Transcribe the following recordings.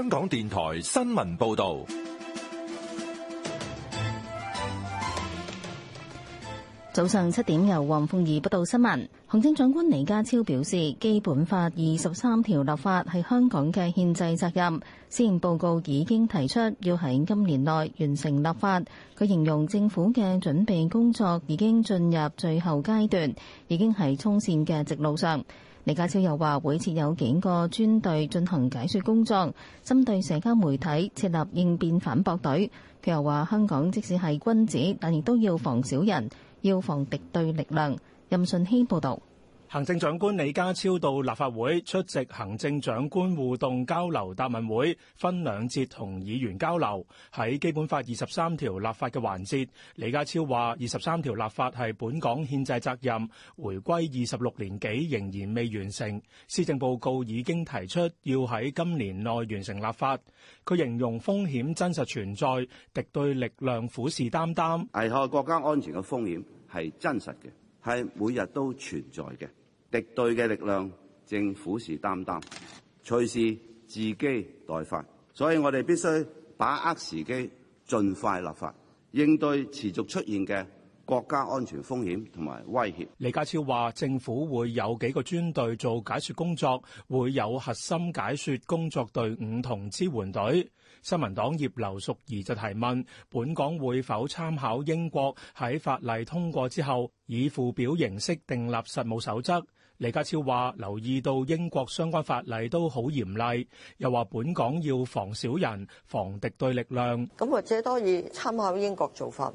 香港電台新聞報道，早上七點由黃鳳儀報道新聞。行政長官李家超表示，基本法二十三條立法係香港嘅憲制責任。施政報告已經提出要喺今年內完成立法。佢形容政府嘅準備工作已經進入最後階段，已經喺衝線嘅直路上。李家超又話會設有幾個專隊進行解説工作，針對社交媒體設立應變反駁隊。佢又話：香港即使係君子，但亦都要防小人，要防敵對力量。任順希報導。行政長官李家超到立法會出席行政長官互動交流答問會，分兩節同議員交流。喺《基本法》二十三條立法嘅環節，李家超話：二十三條立法係本港憲制責任，回歸二十六年幾仍然未完成。施政報告已經提出要喺今年內完成立法。佢形容風險真實存在，敵對力量虎視眈眈，危害國家安全嘅風險係真實嘅，係每日都存在嘅。敵對嘅力量正虎視眈眈，隨時伺機待發，所以我哋必須把握時機，盡快立法，應對持續出現嘅國家安全風險同埋威脅，李家超話政府會有幾個專隊做解説工作，會有核心解説工作隊伍同支援隊。新民黨葉劉淑儀就提問：本港會否參考英國喺法例通過之後，以附表形式訂立實務守則？李家超話留意到英國相關法例都好嚴厲，又話本港要防小人、防敵對力量。咁或者多以參考英國做法，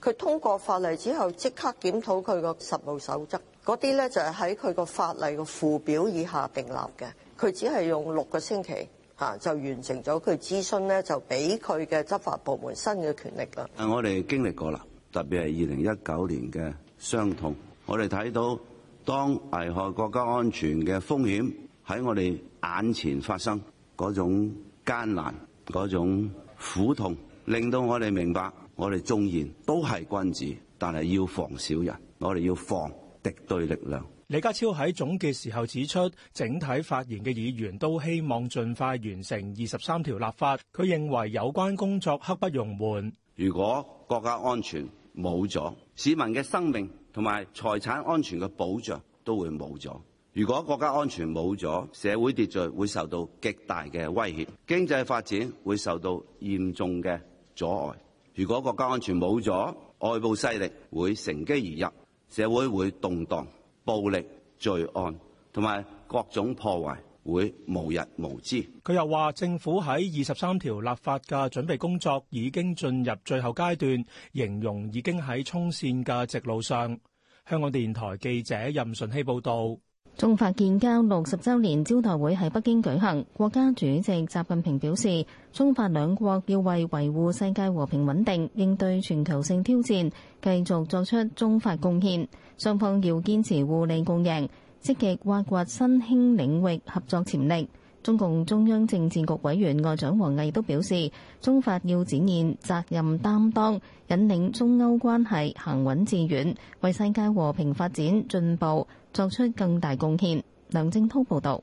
佢通過法例。之後即刻檢討佢個實務守則，嗰啲咧就係喺佢個法例個附表以下訂立嘅。佢只係用六個星期嚇就完成咗佢諮詢咧，就俾佢嘅執法部門新嘅權力啦。我哋經歷過啦，特別係二零一九年嘅傷痛。我哋睇到當危害國家安全嘅風險喺我哋眼前發生，嗰種艱難、嗰種苦痛，令到我哋明白。我哋縱然都係君子，但係要防小人。我哋要防敵對力量。李家超喺總結時候指出，整體發言嘅議員都希望盡快完成二十三條立法。佢認為有關工作刻不容緩。如果國家安全冇咗，市民嘅生命同埋財產安全嘅保障都會冇咗。如果國家安全冇咗，社會秩序會受到極大嘅威脅，經濟發展會受到嚴重嘅阻礙。如果國家安全冇咗，外部勢力會乘機而入，社會會動盪，暴力、罪案同埋各種破壞會無日無之。佢又話：政府喺二十三條立法嘅準備工作已經進入最後階段，形容已經喺衝線嘅直路上。香港電台記者任順希報導。中法建交六十周年招待會喺北京舉行，國家主席習近平表示，中法兩國要為維護世界和平穩定、應對全球性挑戰，繼續作出中法貢獻，雙方要堅持互利共贏，積極挖掘新興領域合作潛力。中共中央政治局委員外長王毅都表示，中法要展現責任擔當，引領中歐關係行穩致遠，為世界和平發展進步。作出更大貢獻，梁正濤報道。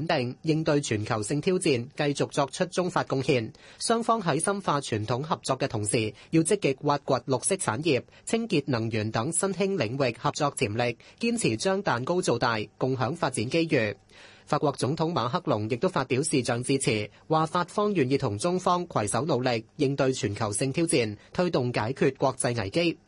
穩定應對全球性挑戰，繼續作出中法貢獻。雙方喺深化傳統合作嘅同時，要積極挖掘綠色產業、清潔能源等新興領域合作潛力，堅持將蛋糕做大，共享發展機遇。法國總統馬克龍亦都發表視像致辭，話法方願意同中方攜手努力，應對全球性挑戰，推動解決國際危機。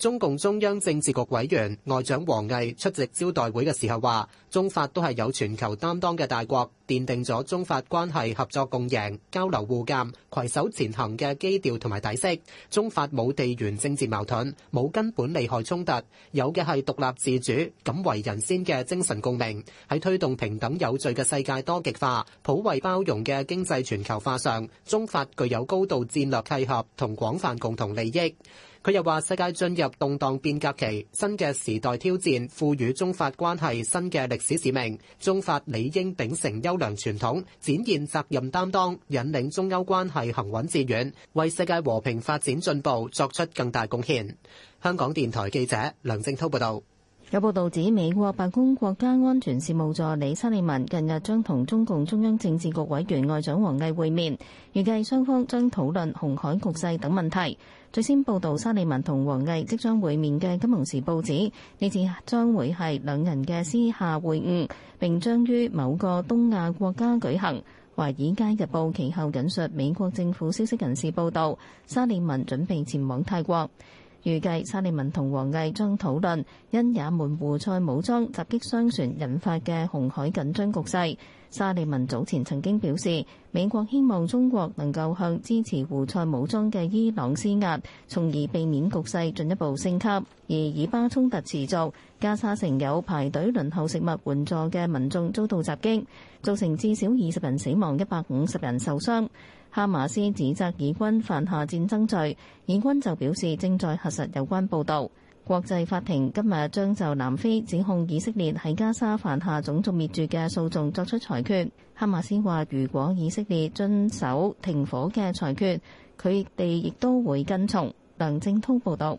中共中央政治局委員外長王毅出席招待會嘅時候話，中法都係有全球擔當嘅大國，奠定咗中法關係合作共贏、交流、互鑒、攜手前行嘅基調同埋底色。中法冇地緣政治矛盾，冇根本利害衝突，有嘅係獨立自主、敢為人先嘅精神共鳴。喺推動平等有序嘅世界多極化、普惠包容嘅經濟全球化上，中法具有高度戰略契合同廣泛共同利益。佢又話：世界進入動盪變革期，新嘅時代挑戰賦予中法關係新嘅歷史使命。中法理應秉承優良傳統，展現責任擔當，引領中歐關係行穩致遠，為世界和平發展進步作出更大貢獻。香港電台記者梁正滔報道，有報道指，美國白宮國家安全事務助理沙利文近日將同中共中央政治局委員外長王毅會面，預計雙方將討論紅海局勢等問題。最先報導沙利文同王毅即將會面嘅《金融時報》指呢次將會係兩人嘅私下會晤，並將於某個東亞國家舉行。《華爾街日報》其後引述美國政府消息人士報導，沙利文準備前往泰國。預計沙利文同王毅將討論因也門胡塞武裝襲擊商船引發嘅紅海緊張局勢。沙利文早前曾經表示，美國希望中國能夠向支持胡塞武裝嘅伊朗施壓，從而避免局勢進一步升級。而以巴衝突持續，加沙城有排隊輪候食物援助嘅民眾遭到襲擊，造成至少二十人死亡、一百五十人受傷。哈馬斯指責以軍犯下戰爭罪，以軍就表示正在核實有關報導。國際法庭今日將就南非指控以色列喺加沙犯下種族滅絕嘅訴訟作出裁決。哈馬斯話：如果以色列遵守停火嘅裁決，佢哋亦都會跟從。梁正通報道。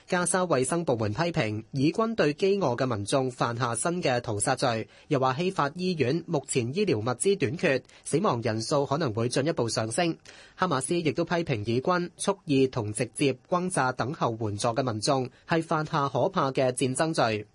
加沙衛生部門批評以軍對飢餓嘅民眾犯下新嘅屠殺罪，又話希法醫院，目前醫療物資短缺，死亡人數可能會進一步上升。哈馬斯亦都批評以軍蓄意同直接轟炸等候援助嘅民眾，係犯下可怕嘅戰爭罪。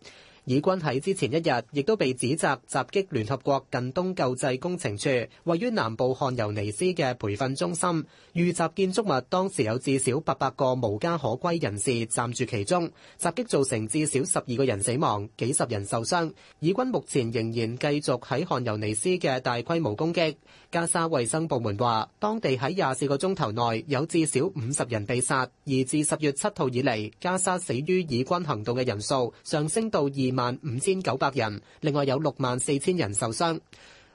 以軍喺之前一日亦都被指責襲擊聯合國近東救濟工程處位於南部漢尤尼斯嘅培訓中心。遇襲建築物，當時有至少八百個無家可歸人士暫住其中。襲擊造成至少十二個人死亡，幾十人受傷。以軍目前仍然繼續喺漢尤尼斯嘅大規模攻擊。加沙衛生部門話，當地喺廿四個鐘頭內有至少五十人被殺。而自十月七號以嚟，加沙死於以軍行動嘅人數上升到二萬五千九百人，另外有六萬四千人受傷。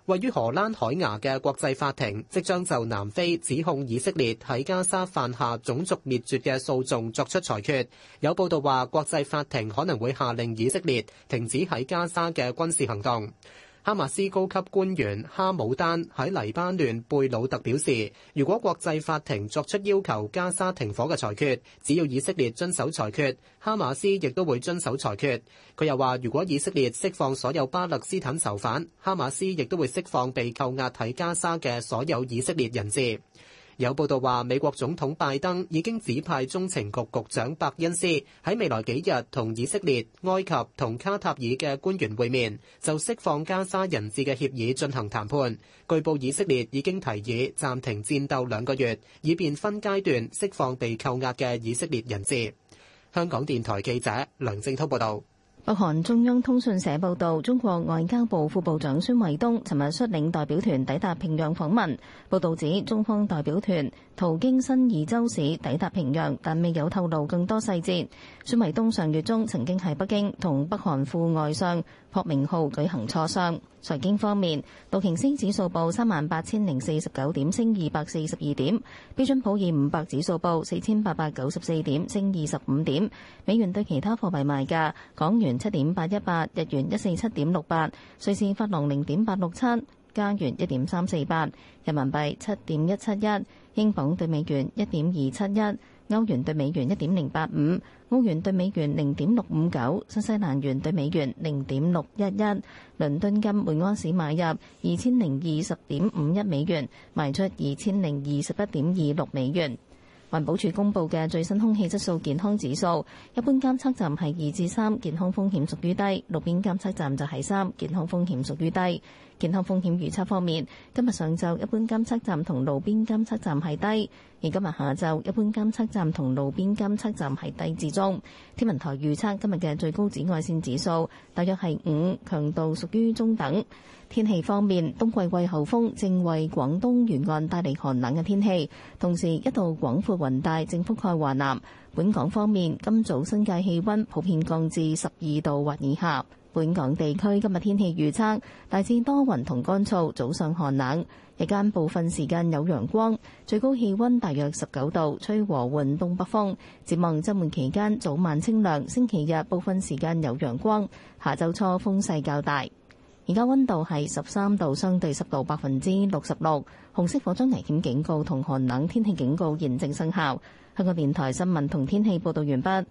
位於荷蘭海牙嘅國際法庭即將就南非指控以色列喺加沙犯下種族滅絕嘅訴訟作出裁決。有報道話，國際法庭可能會下令以色列停止喺加沙嘅軍事行動。哈馬斯高級官員哈姆丹喺黎巴嫩貝魯特表示，如果國際法庭作出要求加沙停火嘅裁決，只要以色列遵守裁決，哈馬斯亦都會遵守裁決。佢又話，如果以色列釋放所有巴勒斯坦囚犯，哈馬斯亦都會釋放被扣押喺加沙嘅所有以色列人士。有報道話美國總統拜登已經指派中情局局長伯恩斯喺未來幾日同以色列、埃及同卡塔爾嘅官員會面，就釋放加沙人質嘅協議進行談判。據報以色列已經提議暫停戰鬥兩個月，以便分階段釋放被扣押嘅以色列人質。香港電台記者梁正滔報道。北韓中央通訊社報道，中國外交部副部長孫衛東尋日率領代表團抵達平壤訪問。報道指，中方代表團途經新義州市抵達平壤，但未有透露更多細節。孫衛東上月中曾經喺北京同北韓副外相朴明浩舉行磋商。財經方面，道瓊斯指數報三萬八千零四十九點，升二百四十二點；標準普爾五百指數報四千八百九十四點，升二十五點。美元對其他貨幣賣價：港元七點八一八，日元一四七點六八，瑞士法郎零點八六七，加元一點三四八，人民幣七點一七一，英鎊對美元一點二七一。歐元兌美元一點零八五，歐元兌美元零點六五九，新西蘭元兌美元零點六一一。倫敦金每安士買入二千零二十點五一美元，賣出二千零二十一點二六美元。環保署公布嘅最新空氣質素健康指數，一般監測站係二至三，健康風險屬於低；路邊監測站就係三，健康風險屬於低。健康風險預測方面，今日上晝一般監測站同路邊監測站係低，而今日下晝一般監測站同路邊監測站係低至中。天文台預測今日嘅最高紫外線指數大約係五，強度屬於中等。天氣方面，冬季季候風正為廣東沿岸帶嚟寒冷嘅天氣，同時一道廣闊雲帶正覆蓋華南。本港方面，今早新界氣溫普遍降至十二度或以下。本港地區今日天氣預測大致多雲同乾燥，早上寒冷，日間部分時間有陽光，最高氣溫大約十九度，吹和緩東北風。展望周末期間早晚清涼，星期日部分時間有陽光，下周初風勢較大。而家溫度係十三度，相對濕度百分之六十六，紅色火災危險警告同寒冷天氣警告現正生效。香港電台新聞同天氣報道完畢。